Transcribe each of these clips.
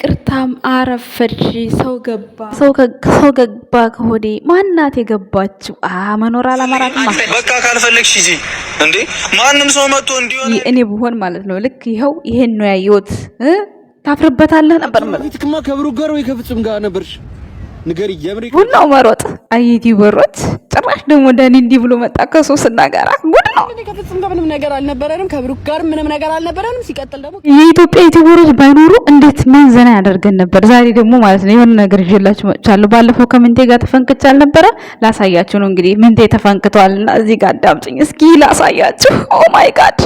ቅርታም አረፈድሽ። ሰው ገባ ሰው ገባ ከሆዴ ማናት የገባችው? መኖር አላማራት በቃ ካልፈለግሽ ሂጂ እንዴ ማንም ሰው መጥቶ እንዲሆን እኔ ብሆን ማለት ነው። ልክ ይኸው ይሄን ነው ያየሁት። ታፍርበታለህ ነበር ማለት ከብሩ ጋር ወይ ከፍጹም ጋር ነበርሽ ንገሪ የምሬ ጉድ ነው መሮጥ። አይቲ በሮች ጭራሽ ደግሞ ዳኒ እንዲህ ብሎ መጣ ከሶስና ጋር ጉድ ነው። ከፍጹም ከምንም ነገር አልነበረንም፣ ከብሩክ ጋር ምንም ነገር አልነበረንም። ሲቀጥል ደግሞ የኢትዮጵያ አይቲ በሮች ባይኖሩ እንዴት ምን ዘና ያደርገን ነበር? ዛሬ ደግሞ ማለት ነው የሆነ ነገር ይዤላችሁ መጥቻለሁ። ባለፈው ከምንቴ ጋር ተፈንክቻ አልነበረ? ላሳያችሁ ነው እንግዲህ ምንቴ ተፈንክቷልና እዚህ ጋር አዳምጭኝ እስኪ ላሳያችሁ። ኦ ማይ ጋድ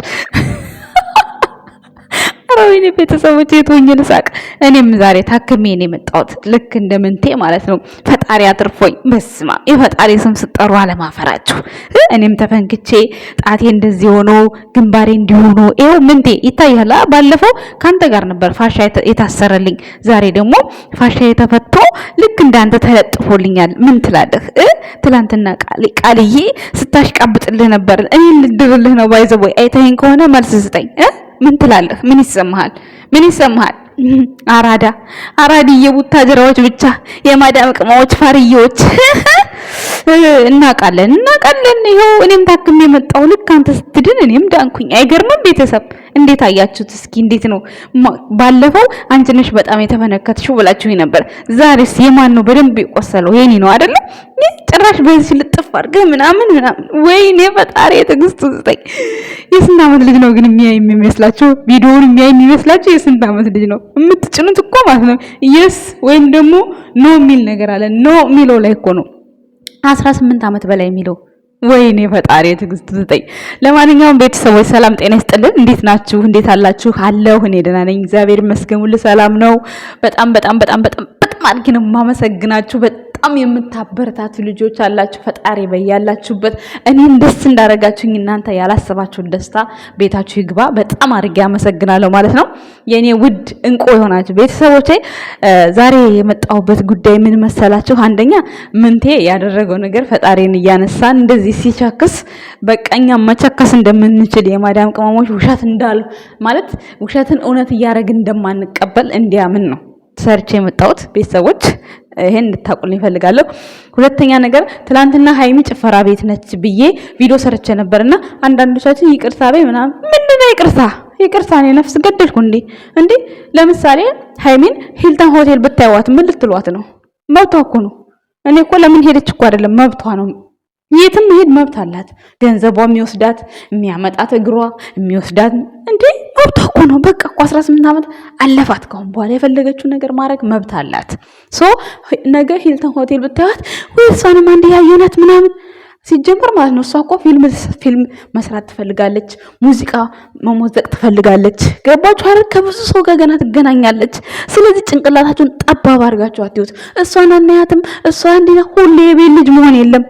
ኧረ ወይኔ ቤተሰቦች የት ሆኜ ልሳቅ? እኔም ዛሬ ታክሜ ነው የመጣሁት። ልክ እንደ ምንቴ ማለት ነው። ፈጣሪ አትርፎኝ። በስመ አብ የፈጣሪ ስም ስጠሩ አለማፈራችሁ። እኔም ተፈንክቼ ጣቴ እንደዚህ ሆኖ ግንባሬ እንዲሆኖ ይኸው ምንቴ ይታያል። ባለፈው ከአንተ ጋር ነበር ፋሻ የታሰረልኝ። ዛሬ ደግሞ ፋሻ የተፈቶ ልክ እንዳንተ ተለጥፎልኛል። ምን ትላለህ? ትላንትና ቃልዬ ስታሽቃብጥልህ ነበር። እኔ ልድርልህ ነው ባይዘቦይ አይተኸኝ ከሆነ መልስ ስጠኝ። ምን ትላለህ? ምን ይሰማሃል? ምን ይሰማሃል? አራዳ አራዲ ጀራዎች ብቻ የማዳም ቅማዎች ፋርዬዎች እናውቃለን እናቃለን ይኸው እኔም ታክም የመጣው ልክ አንተ ስትድን እኔም ዳንኩኝ። አይገርምም? ቤተሰብ እንዴት አያችሁት? እስኪ እንዴት ነው? ባለፈው አንቺ ነሽ በጣም የተፈነከትሽው ብላችሁ ነበር። ዛሬስ የማን ነው በደንብ የቆሰለው? የኔ ነው አይደለ? ጭራሽ በዚህ ልጥፍ አድርገህ ምናምን ምናምን። ወይኔ ፈጣሪ ትዕግስት ስጠኝ። የስንት ዓመት ልጅ ነው ግን የሚያይ የሚመስላችሁ? ቪዲዮውን የሚያይ የሚመስላችሁ የስንት ዓመት ልጅ ነው? የምትጭኑት እኮ ማለት ነው የስ ወይም ደግሞ ኖ የሚል ነገር አለ። ኖ የሚለው ላይ እኮ ነው ከ18 ዓመት በላይ የሚለው ወይኔ ፈጣሪ ትዕግስት ስጠኝ። ለማንኛውም ቤተሰቦች ሰላም ጤና ይስጥልን። እንዴት ናችሁ? እንዴት አላችሁ? አለሁ እኔ ደህና ነኝ፣ እግዚአብሔር ይመስገን፣ ሁሉ ሰላም ነው። በጣም በጣም በጣም በጣም በጣም አድርጌ ነው የማመሰግናችሁ። በጣም የምታበረታቱ ልጆች አላችሁ። ፈጣሪ በያላችሁበት እኔን ደስ እንዳረጋችሁኝ እናንተ ያላሰባችሁን ደስታ ቤታችሁ ይግባ። በጣም አድርጌ አመሰግናለሁ ማለት ነው የእኔ ውድ እንቁ የሆናችሁ ቤተሰቦቼ። ዛሬ የመጣሁበት ጉዳይ ምን መሰላችሁ? አንደኛ ምንቴ ያደረገው ነገር ፈጣሪን እያነሳን እንደዚህ ሲቸክስ በቀኛ መቸከስ እንደምንችል የማዳም ቅመሞች ውሸት እንዳሉ ማለት ውሸትን እውነት እያደረግን እንደማንቀበል እንዲያምን ነው ሰርቼ የመጣሁት ቤተሰቦች ይሄን እንድታውቁልኝ ይፈልጋለሁ። ሁለተኛ ነገር ትላንትና ሀይሚ ጭፈራ ቤት ነች ብዬ ቪዲዮ ሰርቼ ነበርና አንዳንዶቻችን ይቅርታ በይ ምናምን ምንድን ነው ይቅርታ ይቅርታ እኔ ነፍስ ገደልኩ እንዴ? እንዴ ለምሳሌ ሃይሚን ሂልተን ሆቴል ብታይዋት ምን ልትሏት ነው? መብቷ እኮ ነው። እኔ እኮ ለምን ሄደች እኮ አይደለም መብቷ ነው። የትም መሄድ መብት አላት። ገንዘቧ የሚወስዳት የሚያመጣት እግሯ የሚወስዳት እንዴ መብቷ እኮ ነው። በቃ እኮ 18 ዓመት አለፋት። ከሁን በኋላ የፈለገችው ነገር ማድረግ መብት አላት። ሶ ነገ ሂልተን ሆቴል ብታዩት ወይ እሷንም አንድ ያየናት ምናምን ሲጀመር ማለት ነው። እሷ እኮ ፊልም መስራት ትፈልጋለች፣ ሙዚቃ መሞዘቅ ትፈልጋለች። ገባችሁ አይደል? ከብዙ ሰው ጋር ገና ትገናኛለች። ስለዚህ ጭንቅላታችሁን ጠባብ አድርጋችሁ አትዩት። እሷን አናያትም፣ እሷ እንዲህ ሁሌ የቤት ልጅ መሆን የለም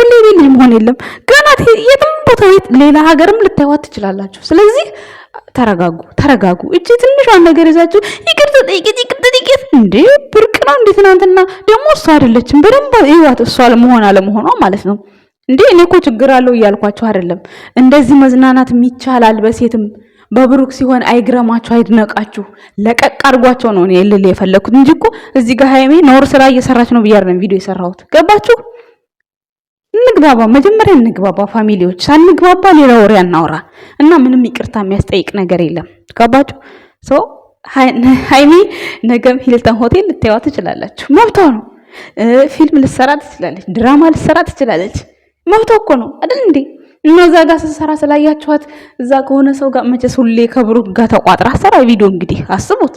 ሁሌ ቤል መሆን የለም። ገና የትም ቦታ ሌላ ሀገርም ልታይዋት ትችላላችሁ። ስለዚህ ተረጋጉ፣ ተረጋጉ። እጅ ትንሿን ነገር ይዛችሁ ይቅርታ ጥቂት ይቅርታ ጥቂት እንዴ ብርቅ ነው እንዴ? ትናንትና ደግሞ እሷ አይደለችም። በደንብ ይዋት እሷ መሆን አለመሆኗ ማለት ነው። እንዴ እኔ እኮ ችግር አለው እያልኳቸው አይደለም። እንደዚህ መዝናናት ይቻላል። በሴትም በብሩክ ሲሆን አይግረማችሁ፣ አይድነቃችሁ። ለቀቅ አድርጓቸው ነው እኔ ልል የፈለግኩት እንጂ እኮ እዚህ ጋር ሃይሜ ነውር ስራ እየሰራች ነው ብያለሁ። ቪዲዮ የሰራሁት ገባችሁ? እንግባባ፣ መጀመሪያ እንግባባ። ፋሚሊዎች ሳንግባባ ሌላ ወሬ አናውራ እና ምንም ይቅርታ የሚያስጠይቅ ነገር የለም። ገባችሁ? ሰው ሀይሚ ነገም ሂልተን ሆቴል ልታይዋ ትችላላችሁ፣ መብቷ ነው። ፊልም ልሰራ ትችላለች፣ ድራማ ልሰራ ትችላለች፣ መብቷ እኮ ነው አይደል እንዴ? እና እዛ ጋር ስትሰራ ስላያችኋት እዛ ከሆነ ሰው ጋር መቼስ ሁሌ ከብሩ ጋር ተቋጥራ ሰራ ቪዲዮ እንግዲህ አስቡት።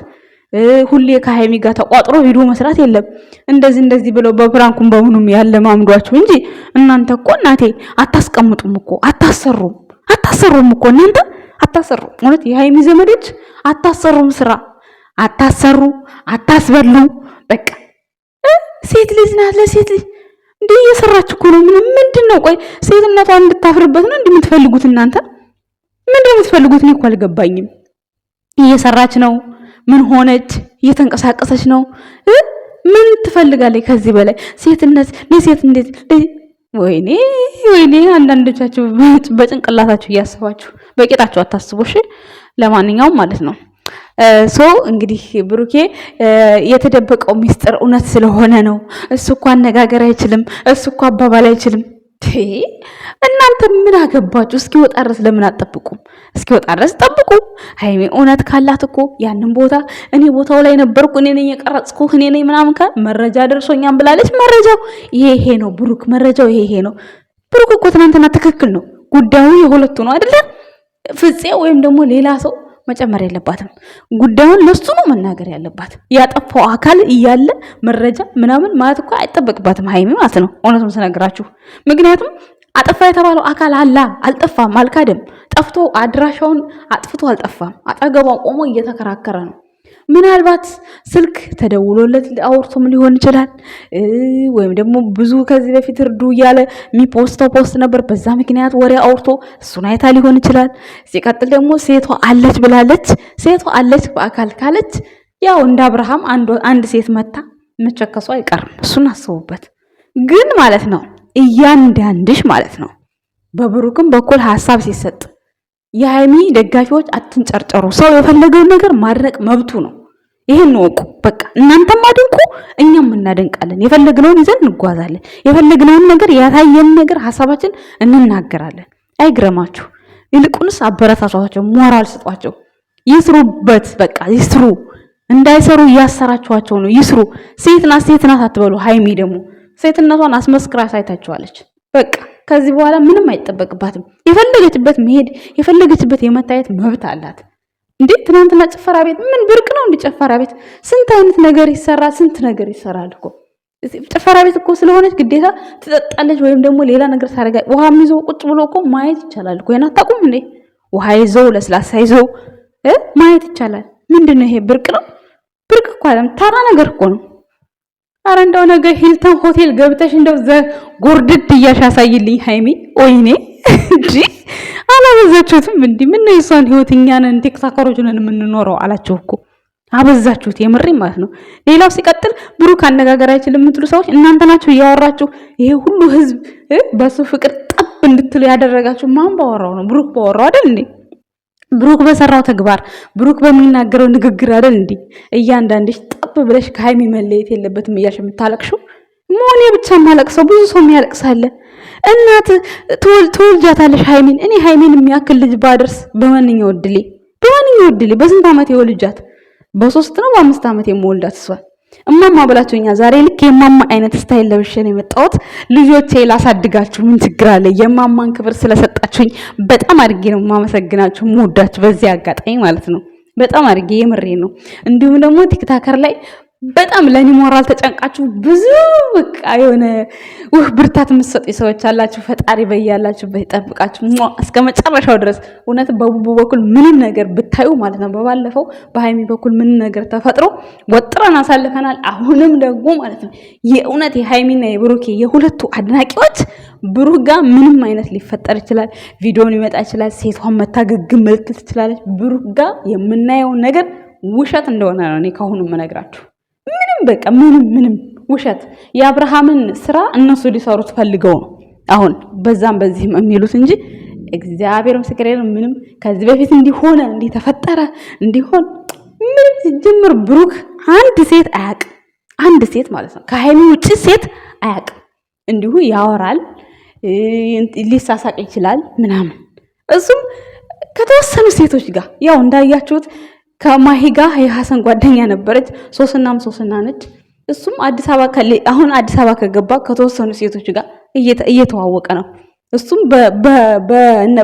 ሁሌ ከሀይሚ ጋር ተቋጥሮ ሂዶ መስራት የለም። እንደዚህ እንደዚህ ብለው በፕራንኩም በምኑም ያለ ማምዷችሁ እንጂ እናንተ እኮ እናቴ አታስቀምጡም እኮ አታሰሩም፣ አታሰሩም እኮ እናንተ አታሰሩም። እውነት የሀይሚ ዘመዶች አታሰሩም፣ ስራ አታሰሩ፣ አታስበሉ። በቃ ሴት ልጅ ናት። ለሴት ልጅ እንዴ እየሰራች እኮ ነው። ምንም ምንድን ነው? ቆይ ሴትነቷን እንድታፍርበት ነው እንደምትፈልጉት እናንተ ምንድን ነው የምትፈልጉት? እኔ እኮ አልገባኝም። እየሰራች ነው ምን ሆነች? እየተንቀሳቀሰች ነው። ምን ትፈልጋለች ከዚህ በላይ? ሴትነት ለሴት እንዴት! ወይኔ ወይኔ! አንዳንዶቻችሁ በጭንቅላታችሁ እያሰባችሁ በቂጣችሁ አታስቡ። እሺ፣ ለማንኛውም ማለት ነው ሶ እንግዲህ ብሩኬ የተደበቀው ሚስጥር እውነት ስለሆነ ነው። እሱ እኮ አነጋገር አይችልም፣ እሱ እኮ አባባል አይችልም። እናንተ ምን አገባችሁ? እስኪወጣ ድረስ ለምን አትጠብቁም? እስኪወጣ ድረስ ጠብቁ። ሀይሜ እውነት ካላት እኮ ያንን ቦታ እኔ ቦታው ላይ ነበርኩ፣ እኔ ነኝ የቀረጽኩ፣ እኔ ነኝ ምናምን ከ መረጃ ደርሶኛም ብላለች። መረጃው ይሄ ይሄ ነው ብሩክ፣ መረጃው ይሄ ይሄ ነው ብሩክ። እኮ ትናንትና ትክክል ነው ጉዳዩ የሁለቱ ነው አይደለ? ፍፄ ወይም ደግሞ ሌላ ሰው መጨመር የለባትም። ጉዳዩን ለሱ ነው መናገር ያለባት። ያጠፋው አካል እያለ መረጃ ምናምን ማለት እኮ አይጠበቅባትም ሀይሚ ማለት ነው። እውነቱን ስነግራችሁ ምክንያቱም አጠፋ የተባለው አካል አላ አልጠፋም፣ አልካደም ጠፍቶ አድራሻውን አጥፍቶ አልጠፋም። አጠገቧ ቆሞ እየተከራከረ ነው። ምናልባት ስልክ ተደውሎለት አውርቶም ሊሆን ይችላል። ወይም ደግሞ ብዙ ከዚህ በፊት እርዱ እያለ የሚፖስተው ፖስት ነበር። በዛ ምክንያት ወሬ አውርቶ እሱን አይታ ሊሆን ይችላል። ሲቀጥል ደግሞ ሴቷ አለች ብላለች። ሴቷ አለች በአካል ካለች ያው እንደ አብርሃም አንድ ሴት መታ መቸከሱ አይቀርም። እሱን አስቡበት ግን ማለት ነው እያንዳንድሽ ማለት ነው። በብሩክም በኩል ሀሳብ ሲሰጥ የሀይሚ ደጋፊዎች አትንጨርጨሩ። ሰው የፈለገውን ነገር ማድረቅ መብቱ ነው። ይሄን ወቁ። በቃ እናንተም አድንቁ፣ እኛም እናደንቃለን። የፈለግነውን ይዘን እንጓዛለን። የፈለግነውን ነገር ያታየን ነገር ሀሳባችን እንናገራለን። አይግረማችሁ። ይልቁንስ አበረታቷቸው፣ ሞራል ስጧቸው፣ ይስሩበት። በቃ ይስሩ። እንዳይሰሩ እያሰራችኋቸው ነው። ይስሩ። ሴት ናት ሴት ናት አትበሉ። ሀይሚ ደግሞ ሴትነቷን አስመስክራ አሳይታችኋለች። በቃ ከዚህ በኋላ ምንም አይጠበቅባትም። የፈለገችበት መሄድ የፈለገችበት የመታየት መብት አላት። እንዴት ትናንትና ጭፈራ ቤት ምን ብርቅ ነው? እንደ ጭፈራ ቤት ስንት አይነት ነገር ይሰራል፣ ስንት ነገር ይሰራል እኮ ጭፈራ ቤት እኮ ስለሆነች ግዴታ ትጠጣለች፣ ወይም ደግሞ ሌላ ነገር ታደርጋ። ውሃ ይዘው ቁጭ ብሎ እኮ ማየት ይቻላል እኮ ይሄን አታውቁም እንዴ? ውሃ ይዘው ለስላሳ ይዘው ማየት ይቻላል። ምንድን ነው ይሄ? ብርቅ ነው? ብርቅ እኮ አይደለም፣ ተራ ነገር እኮ ነው። አረ እንደው ነገ ሂልተን ሆቴል ገብተሽ እንደው ዘ ጎርድድ እያሽ ያሳይልኝ ሃይሚ። ኦይኔ እንጂ አላበዛችሁትም? እንዲህ ምን ነው የሷን ህይወት እኛ ነን ቲክቶከሮች ነን የምንኖረው አላችሁ እኮ አበዛችሁት። የምሬ ማለት ነው። ሌላው ሲቀጥል ብሩክ አነጋገር አይችልም የምትሉ ሰዎች እናንተ ናችሁ እያወራችሁ ይሄ ሁሉ ህዝብ በሱ ፍቅር ጠብ እንድትሉ ያደረጋችሁ ማን ባወራው ነው? ብሩክ ባወራው አይደል እንዴ? ብሩክ በሰራው ተግባር፣ ብሩክ በሚናገረው ንግግር አይደል እንዴ? እያንዳንድሽ ቀብ ብለሽ ከሀይሚ መለየት የለበትም እያልሽ የምታለቅሽው መሆኔ ብቻ የማለቅሰው ብዙ ሰው የሚያለቅሳለ እናት ትወልጃታለሽ ሀይሚን። እኔ ሀይሚን የሚያክል ልጅ ባደርስ በማንኛው እድሌ በማንኛው እድሌ በስንት ዓመት የወልጃት? በሶስት ነው በአምስት ዓመት የምወልዳት እሷን እማማ ብላችሁኛ ዛሬ ልክ የማማ አይነት ስታይል ለብሼ ነው የመጣሁት። ልጆቼ ላሳድጋችሁ ምን ችግር አለ? የማማን ክብር ስለሰጣችሁኝ በጣም አድጌ ነው የማመሰግናችሁ፣ የምወዳችሁ በዚህ አጋጣሚ ማለት ነው። በጣም አድርጌ የምሬ ነው። እንዲሁም ደግሞ ቲክታከር ላይ በጣም ለእኔ ሞራል ተጨንቃችሁ ብዙ በቃ የሆነ ውህ ብርታት የምትሰጡ ሰዎች አላችሁ። ፈጣሪ በያላችሁ ይጠብቃችሁ እስከ መጨረሻው ድረስ። እውነት በቡቡ በኩል ምንም ነገር ብታዩ ማለት ነው። በባለፈው በሀይሚ በኩል ምን ነገር ተፈጥሮ ወጥረን አሳልፈናል። አሁንም ደግሞ ማለት ነው የእውነት የሀይሚና የብሩኬ የሁለቱ አድናቂዎች ብሩህ ጋር ምንም አይነት ሊፈጠር ይችላል። ቪዲዮን ሊመጣ ይችላል። ሴቷን መታገግ ምልክት ትችላለች። ብሩህ ጋር የምናየውን ነገር ውሸት እንደሆነ ነው እኔ ከአሁኑ የምነግራችሁ። ምንም በቃ ምንም ምንም ውሸት የአብርሃምን ስራ እነሱ ሊሰሩት ፈልገው ነው አሁን በዛም በዚህም የሚሉት እንጂ እግዚአብሔር ምስክር ነው። ምንም ከዚህ በፊት እንዲሆነ እንዲተፈጠረ እንዲሆን ምንም ሲጀምር ብሩክ አንድ ሴት አያቅ አንድ ሴት ማለት ነው ከሀይሚ ውጭ ሴት አያቅ እንዲሁ ያወራል፣ ሊሳሳቅ ይችላል ምናምን እሱም ከተወሰኑ ሴቶች ጋር ያው እንዳያችሁት ከማሂ ጋር የሐሰን ጓደኛ ነበረች። ሶስናም ሶስና ነች። እሱም አዲስ አበባ አሁን አዲስ አበባ ከገባ ከተወሰኑ ሴቶች ጋር እየተዋወቀ ነው። እሱም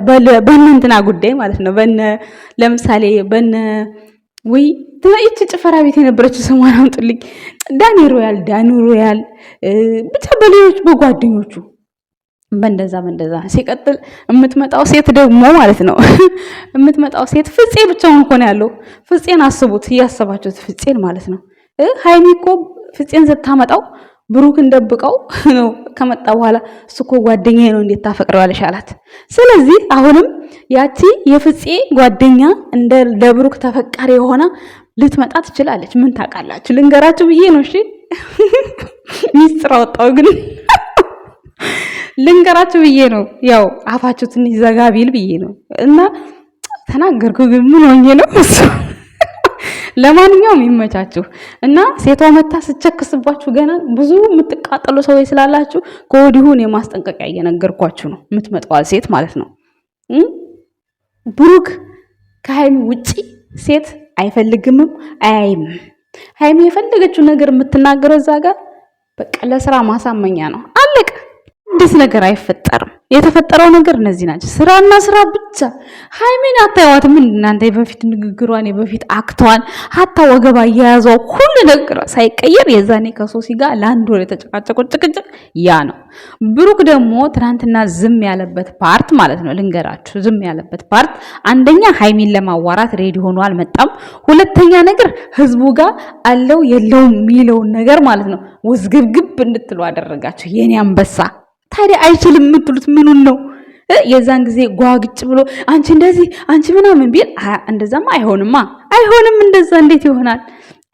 በእነ እንትና ጉዳይ ማለት ነው። በነ ለምሳሌ በነ ወይ ትናይች ጭፈራ ቤት የነበረችው ስሟን አምጡልኝ፣ ዳኒ ሮያል፣ ዳኒ ሮያል ብቻ በሌሎች በጓደኞቹ በእንደዛ በእንደዛ ሲቀጥል የምትመጣው ሴት ደግሞ ማለት ነው የምትመጣው ሴት ፍፄ ብቻውን እኮ ነው ያለው። ፍፄን አስቡት፣ እያሰባችሁት ፍፄን ማለት ነው። ሀይሚ እኮ ፍፄን ስታመጣው ብሩክ እንደብቀው ነው ከመጣ በኋላ እሱ እኮ ጓደኛ ነው እንዴት ታፈቅረዋለሽ አላት። ስለዚህ አሁንም ያቺ የፍፄ ጓደኛ እንደ ለብሩክ ተፈቃሪ የሆነ ልትመጣ ትችላለች። ምን ታውቃላችሁ? ልንገራችሁ ብዬ ነው። እሺ ሚስጥር አወጣው ግን ልንገራችሁ ብዬ ነው። ያው አፋችሁ ትንሽ ዘጋ ቢል ብዬ ነው እና ተናገርኩ። ግን ምን ሆኜ ነው እሱ ለማንኛውም ይመቻችሁ እና ሴቷ መታ ስቸክስባችሁ ገና ብዙ የምትቃጠሉ ሰዎች ስላላችሁ ከወዲሁን የማስጠንቀቂያ እየነገርኳችሁ ነው። የምትመጣዋል ሴት ማለት ነው። ብሩክ ከሀይሚ ውጪ ሴት አይፈልግምም አያይም። ሀይሚ የፈለገችው ነገር የምትናገረው እዛ ጋር በቃ ለስራ ማሳመኛ ነው። አዲስ ነገር አይፈጠርም። የተፈጠረው ነገር እነዚህ ናቸው፣ ስራና ስራ ብቻ። ሃይሜን አታይዋትም እናንተ የበፊት ንግግሯን የበፊት አክቷን ሀታ ወገባ እየያዟ ሁሉ ነገር ሳይቀየር የዛኔ ከሶሲ ጋር ለአንድ ወር የተጨቃጨቁት ጭቅጭቅ ያ ነው። ብሩክ ደግሞ ትናንትና ዝም ያለበት ፓርት ማለት ነው ልንገራችሁ፣ ዝም ያለበት ፓርት አንደኛ ሃይሜን ለማዋራት ሬዲ ሆኖ አልመጣም። ሁለተኛ ነገር ህዝቡ ጋር አለው የለውም የሚለውን ነገር ማለት ነው ውዝግብግብ እንድትሉ አደረጋቸው የኔ አንበሳ ታዲያ አይችልም የምትሉት ምኑን ነው? የዛን ጊዜ ጓግጭ ብሎ አንቺ እንደዚህ አንቺ ምናምን ቢል እንደዛማ አይሆንማ፣ አይሆንም። እንደዛ እንዴት ይሆናል?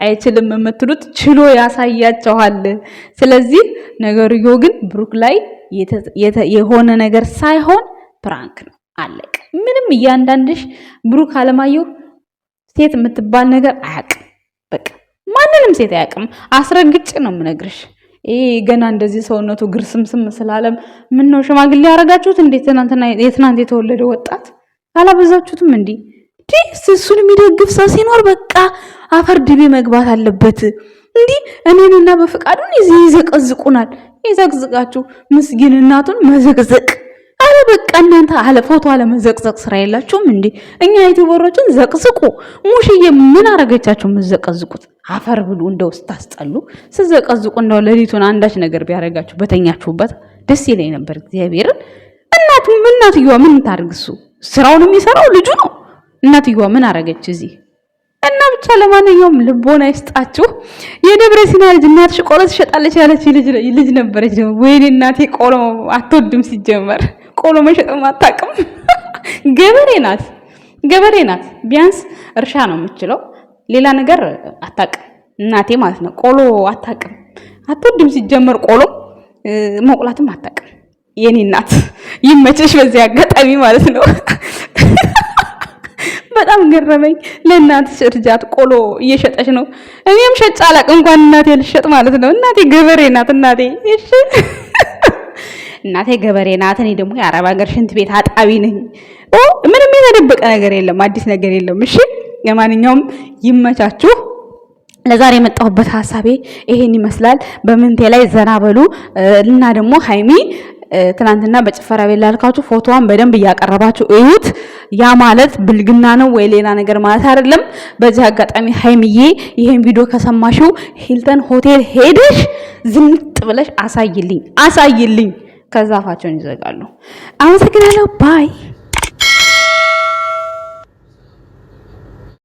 አይችልም የምትሉት ችሎ ያሳያቸዋል። ስለዚህ ነገርዮ ግን ብሩክ ላይ የሆነ ነገር ሳይሆን ፕራንክ ነው። አለቅ ምንም እያንዳንድሽ ብሩክ አለማየሁ ሴት የምትባል ነገር አያቅም። በቃ ማንንም ሴት አያውቅም። አስረግጭ ነው የምነግርሽ። ይሄ ገና እንደዚህ ሰውነቱ ግርስምስም ስላለም ምን ነው ሽማግሌ ያረጋችሁት እንዴ? ትናንትና የትናንት የተወለደ ወጣት አላበዛችሁትም እንዴ? እሱን የሚደግፍ ሰው ሲኖር በቃ አፈር ድቤ መግባት አለበት። እንዲህ እኔንና በፈቃዱን ይዘቀዝቁናል። ይዘቅዝቃችሁ ምስጊን እናቱን መዘቅዘቅ አረ በቃ እናንተ አለ ፎቶ አለ መዘቅዘቅ ስራ የላችሁም እንዴ? እኛ ዩቲዩበሮችን ዘቅዝቁ። ሙሽዬ ምን አረገቻችሁ የምትዘቀዝቁት? አፈር ብሉ። እንደው ስታስጠሉ ስዘቀዝቁ እንደው ሌሊቱን አንዳች ነገር ቢያረጋችሁ በተኛችሁበት ደስ ይለኝ ነበር። እግዚአብሔርን እናት እናትየዋ ምን ታርግሱ? ስራውን የሚሰራው ልጁ ነው። እናትየዋ ምን አረገች እዚህ እና ብቻ ለማንኛውም ልቦና ይስጣችሁ። የደብረ ሲና ልጅ እናትሽ ቆሎ ትሸጣለች ያለች ልጅ ነበረች። ወይኔ እናቴ ቆሎ አትወድም ሲጀመር ቆሎ መሸጥም አታውቅም። ገበሬ ናት፣ ገበሬ ናት። ቢያንስ እርሻ ነው የምችለው፣ ሌላ ነገር አታውቅም። እናቴ ማለት ነው። ቆሎ አታውቅም፣ አትወድም ሲጀመር ቆሎ መቁላትም አታውቅም። የኔ እናት ይመችሽ፣ በዚህ አጋጣሚ ማለት ነው። በጣም ገረመኝ። ለእናትሽ እርጃት ቆሎ እየሸጠች ነው። እኔም ሸጭ አላቅ እንኳን እናቴ ልሸጥ ማለት ነው። እናቴ ገበሬ ናት እናቴ። እሺ እናቴ ገበሬ ናት፣ እኔ ደግሞ የአረብ ሀገር ሽንት ቤት አጣቢ ነኝ። ምንም የተደበቀ ነገር የለም፣ አዲስ ነገር የለም። እሺ ለማንኛውም ይመቻችሁ። ለዛሬ የመጣሁበት ሀሳቤ ይሄን ይመስላል። በምንቴ ላይ ዘና በሉ እና ደግሞ ሀይሚ ትናንትና በጭፈራ ቤት ላልካችሁ ፎቶዋን በደንብ እያቀረባችሁ እዩት። ያ ማለት ብልግና ነው ወይ ሌላ ነገር ማለት አይደለም። በዚህ አጋጣሚ ሀይምዬ ይሄን ቪዲዮ ከሰማሽው ሂልተን ሆቴል ሄደሽ ዝንጥ ብለሽ አሳይልኝ አሳይልኝ። ከዛ አፋቸውን ይዘጋሉ። አመሰግናለሁ ባይ